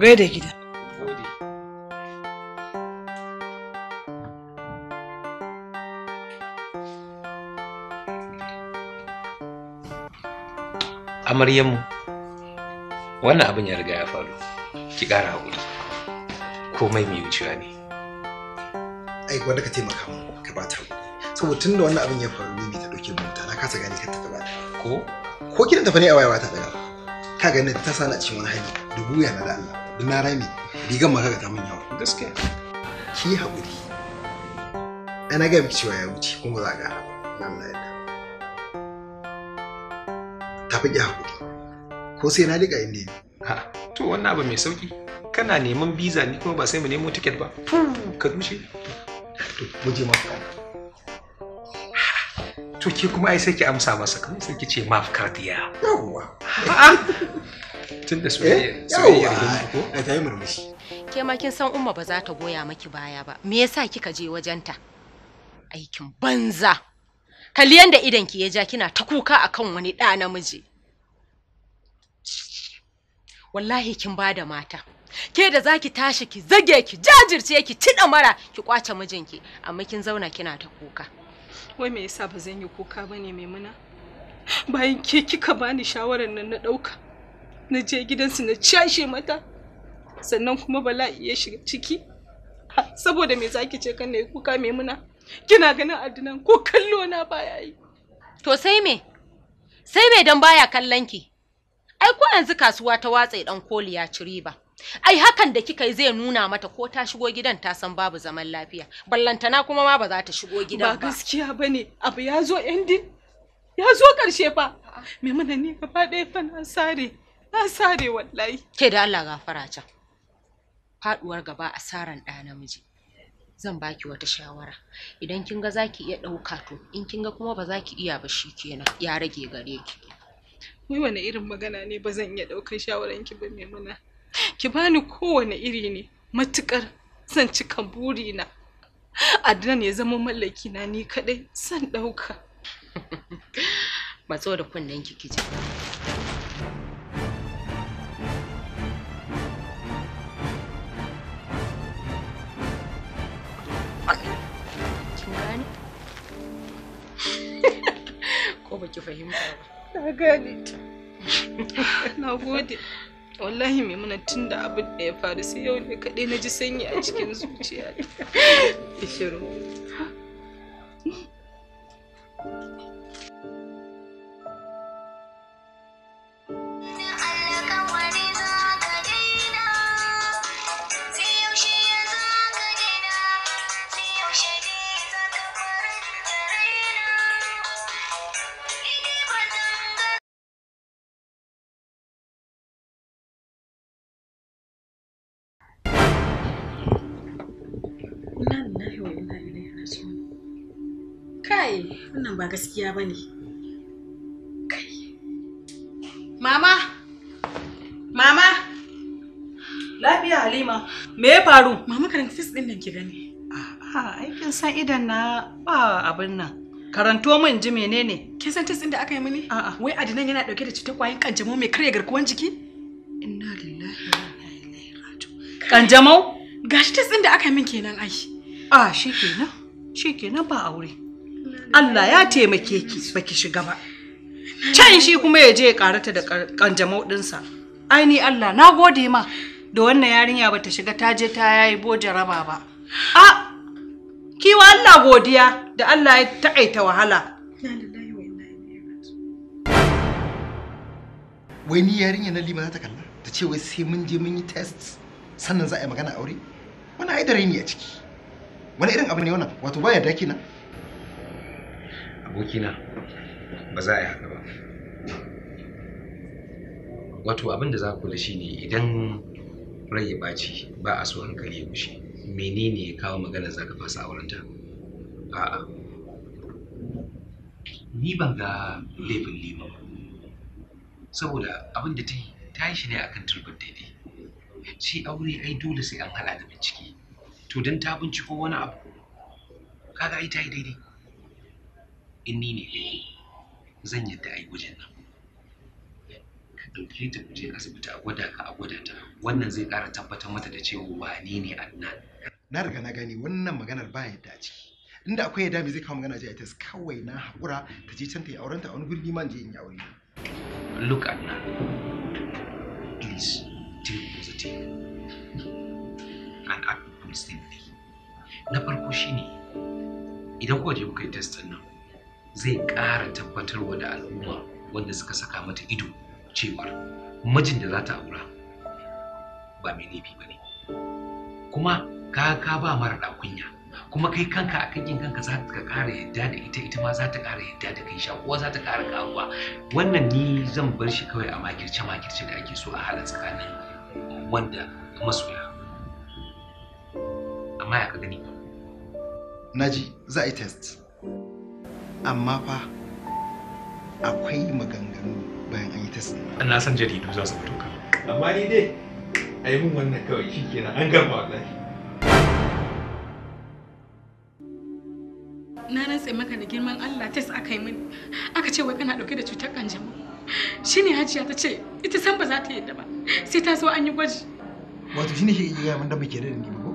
gaida gida amaryamu wannan abin ya riga ya faru ki ƙara haƙuri komai mai wucewa ne ai wanda ka taimaka mu ka ba ta saboda tun da wannan abin ya faru ne ta ɗauke mota na kasa gane kanta gaba ko ko gidan ta fa ne a wayawa ta daga ka gani ta sani a cikin wani hali dubu yana da Allah don na rami rigar ma kaga ta min yawa gaskiya ki haƙuri ana ga miki cewa ya wuce kuma za a ƙara ba na Allah ya ta fi haƙuri ko sai na riƙa inda ha to wannan abu mai sauki kana neman biza ni kuma ba sai mu nemo tiket ba ka dushe to mu je maka to ke kuma ai sai ki amsa masa kamar sai ki ce maf kardiya yawwa tun da eh? soyayya soyayya ko tayi murmushi ke ma kin san umma ba za ta goya maki baya ba me yasa kika je wajenta aikin banza kalli da idan ki ya ja kina ta kuka akan wani da namiji wallahi kin ba da mata ke da zaki tashi ki zage ki jajirce ki ciɗa mara ki kwace mijinki amma kin zauna kina ta kuka wai me yasa ba zan yi kuka bane maimuna bayan ke kika bani shawarar nan na ɗauka na je gidansu na cashe mata sannan kuma bala'i ya shiga ciki saboda me zaki ce kan yi kuka me muna kina ganin adinan ko kallo na baya yi to sai me sai me dan baya kallon ki ai ko yanzu kasuwa ta watsa dan koli ya ci riba ai hakan da kika yi zai nuna mata ko ta shigo gidan ta san babu zaman lafiya ballantana kuma ma ba za ta shigo gidan ba gaskiya bane abu ya zo ending ya zo karshe fa me muna ne gaba ɗaya fa na sare Na sare wallahi. Ke da Allah gafara can. Faduwar gaba a saran ɗa namiji. Zan baki wata shawara. Idan kin ga zaki iya ɗauka to, in kin ga kuma ba za ki iya ba shi kenan ya rage gare ki. Wai wani irin magana ne ba zan iya ɗaukar shawaran ki ba Maimuna. Ki bani kowane iri ne matukar zan cika burina. Adnan ya zama mallaki na ni kaɗai zan ɗauka. Matso da kunnen ki kije. kin ko baki fahimta ba na gane na gode wallahi maimuna tun da abin da ya faru sai yau ne kaɗai na ji sanyi a cikin zuciya shiru ba gaskiya ba ne mama mama lafiya halima me ya faru mama karanta fis din nan ki gani a'a aikin kin san idan na ba abin nan karanto min ji menene kin san tis da aka yi mini a'a wai adinan yana dauke da cutar kwayin kanjamau mai karya garkuwan jiki inna lillahi wa inna ilaihi raji'un kanjamau gashi tis da aka yi min kenan ai a shi kenan ba aure Allah ya taimake ki baki shiga ba can shi kuma ya je ya karata da kanjamau ɗinsa aini Allah na gode ma da wannan yarinya bata shiga ta je ta yayi boje raba ba a kiwa Allah godiya da Allah ya taƙaita wahala wai ni yarinya na lima za ta kalla ta ce wai sai mun je mun yi test sannan za a yi magana aure wani ai da a ciki wani irin abu ne wannan wato baya daki na abokina ba za a yi haka ba wato abin da za ku da shi ne idan rai ya ɓaci ba a so hankali ya gushe menene ya kawo magana za ka fasa aurenta a'a ni ban ga laifin lima ba saboda abin da ta yi ta yi shi ne a kan turbar daidai shi aure ai dole sai an hada da bincike to don ta binciko wani abu kaga ai ta yi daidai in ni ne zan yadda a yi gwajin nan ɗauke ta je asibiti a gwada ka a gwada ta wannan zai ƙara tabbatar mata da cewa wani ne a nan. na riga na gane wannan maganar ba yadda a ciki inda akwai yadda me zai kawo magana je tes kawai na haƙura ta je can ta yi auren ta a wani gurbi man je in yi aure look Adnan please think positive and act positively na farko shine idan kuka je kuka yi test nan zai ƙara tabbatar wa da al'umma wanda suka saka mata ido cewa majin da za ta aura ba mai laifi ba ne kuma ka ka ba mara ɗakunya kuma kai kanka a kankin kanka za ka ƙara yadda da ita ita ma za ta ƙara yadda da kai shaƙuwa za ta ƙara ƙaruwa wannan ni zan bar shi kawai a makirce makirce da ake so a hala tsakanin wanda masoya amma ya ka gani ji za a yi test amma fa akwai maganganu bayan an yi ta sinima na san jaridu za su fito ka amma ni dai a yi min wannan kawai shi kenan an gama wallahi na rantse maka da girman Allah tes aka yi mini aka ce wai kana dauke da cutar kanjamau shine hajiya ta ce ita san ba za ta yadda ba sai ta zo an yi gwaji wato shine shi yi min da muke da ni ba ko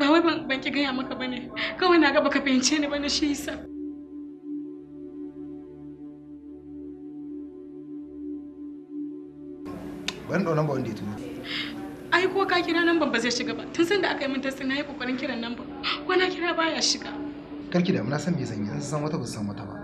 ba wai ban ban ki gaya maka bane kawai na ga baka fahimce ni bane shi yasa ban ɗau namba wanda ya turo ai ko ka kira namban ba zai shiga ba tun sanda aka yi min tasirin na yi kokarin kiran namban ko na kira baya shiga karki da na san me zan yi san wata ba san wata ba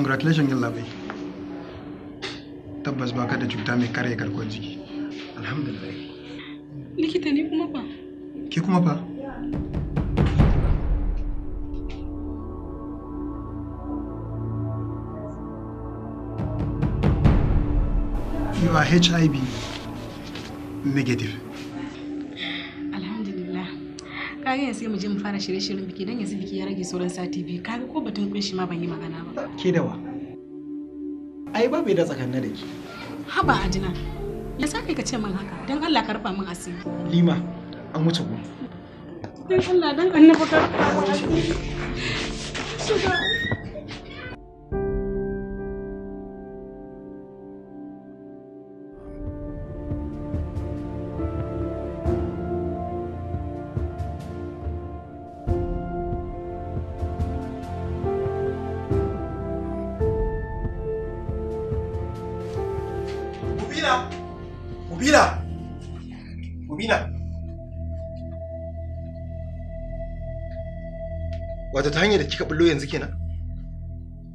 congratulations yalla labai tabbas baka da cuta mai kare garkuwar jiki alhamdulillah likita ne kuma fa ke kuma fa you are hiv negative kayan yanzu sai mu je mu fara shirye-shiryen biki dan yanzu biki ya rage sauran sati biyu kaga ko batun shi ma ban yi magana ba ke da wa ai ba bai da tsakanna da ke haba ajina ya sa kai ka ce min haka dan Allah ka rufa min asiri lima an wuce gudu dan Allah dan annabi ka rufa min asiri wato ta hanyar da kika bullo yanzu kenan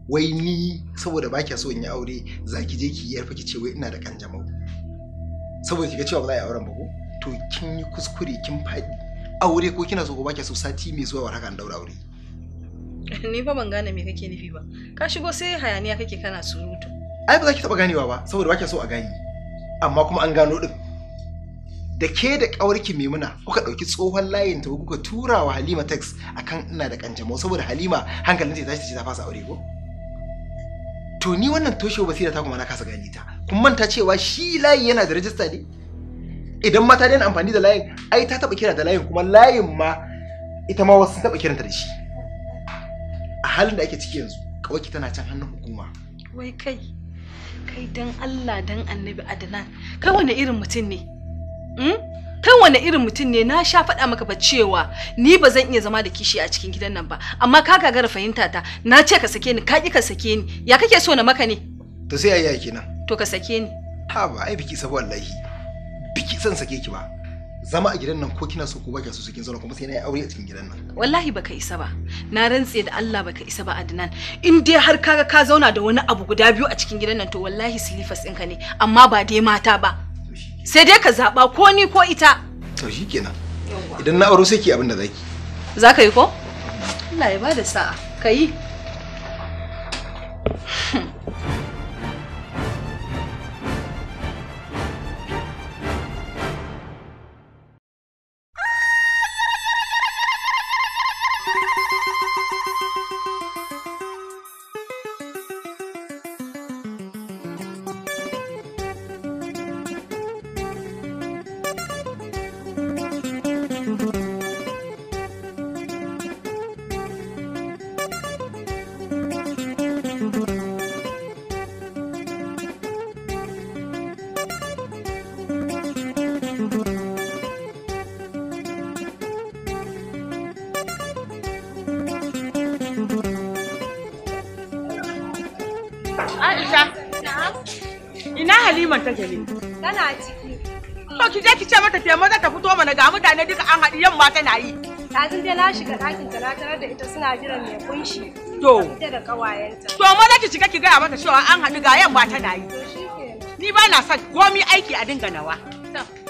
wai ni saboda ba kya so in yi aure za ki je ki yi yarfa ki ce wai ina da kanjamau saboda kika cewa ba za a yi auren ba ko to kin yi kuskure kin faɗi aure ko kina so ko ba kya so sati mai zuwa haka an daura aure ni fa ban gane me kake nufi ba ka shigo sai hayaniya kake kana surutu ai ba za ki taba ganewa ba saboda ba kya so a gani amma kuma an gano din da ke da ƙawarki Maimuna kuka ɗauki tsohon layin ta kuka tura wa Halima text akan ina da ƙanjamau saboda Halima hankalinta ta tashi ta fasa aure ko? To ni wannan toshewa basira ta kuma na kasa gani ta. Kun manta cewa shi layi yana da rajista ne? Idan mata na amfani da layin ai ta taɓa kira da layin kuma layin ma ita ma wasu taɓa kiranta da shi. A halin da ake ciki yanzu ƙawarki tana can hannun hukuma. Wai kai, kai dan Allah dan annabi Adnan, kai wani irin mutum ne? Hmm? kai wani irin mutum ne na sha faɗa maka ba cewa ni ba zan iya zama da kishi a cikin gidan nan ba amma ka gagara fahimta ta na ce ka sake ni ka ki ka sake ni ya kake so na maka ne to sai ayi kenan to ka sake ni ha ba ai biki sabo wallahi biki san sake ki ba zama a gidan nan ko kina so ko ba so cikin zauna kuma sai na yi aure a cikin gidan nan wallahi baka isa ba na rantse da Allah baka isa ba Adnan in dai har kaga ka zauna da wani abu guda biyu a cikin gidan nan to wallahi silifas ɗinka ne amma ba dai mata ba sai dai ka zaɓa ko ni ko ita to shikenan idan na aure sai ki abin da zaki za ka yi ko Allah ya bada sa'a ka yi Haliman ta ne? Tana ciki. To ki je ki ce mata taimako mata ta fito mana ga mutane duka an haɗu yamma tana yi. Yanzu dai na shiga ɗakin ta na tarar da ita suna jiran mai kunshi. To. Ita da kawayenta. To mana ki shiga ki gaya mata cewa an haɗu ga yamma tana yi. Ni ba na son komi aiki a dinga nawa.